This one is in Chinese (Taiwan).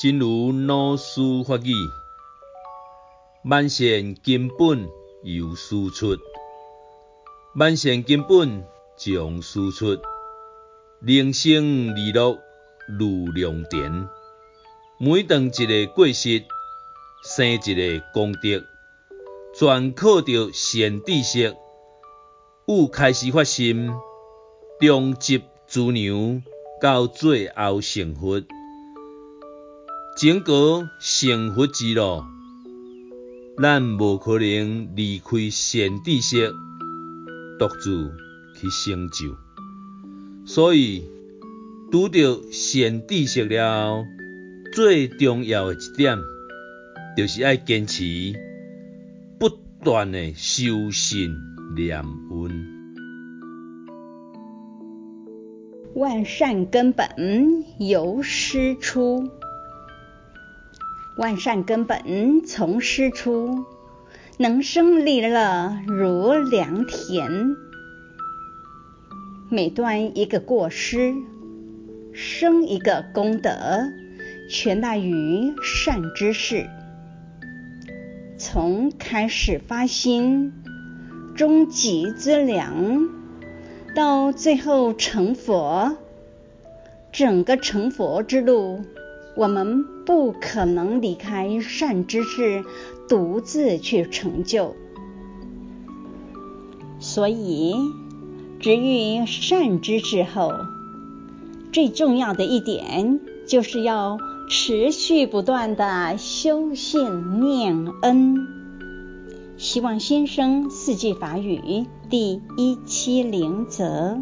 真如老師法語：萬善根本由師出，萬善根本從師出，能生利樂如良田。每斷一個過失，生一個功德，全靠着善知識，從開始發心，中集資糧，到最後成佛。整個成佛之路，咱無可能離開善知識，獨自去成就。所以，拄到善知識了，最重要的一點，就是愛堅持，不斷的修信念恩。萬善根本由師出。萬善根本從師出，能生利樂如良田。每斷一個過失，生一個功德，全賴於善知識。從開始發心，中集資糧，到最後成佛，整個成佛之路。我們不可能離開善知識獨自去成就，所以，值遇善知識後，最重要的一點就是要持續不斷的修信念恩。希望新生四季法語第一七零則。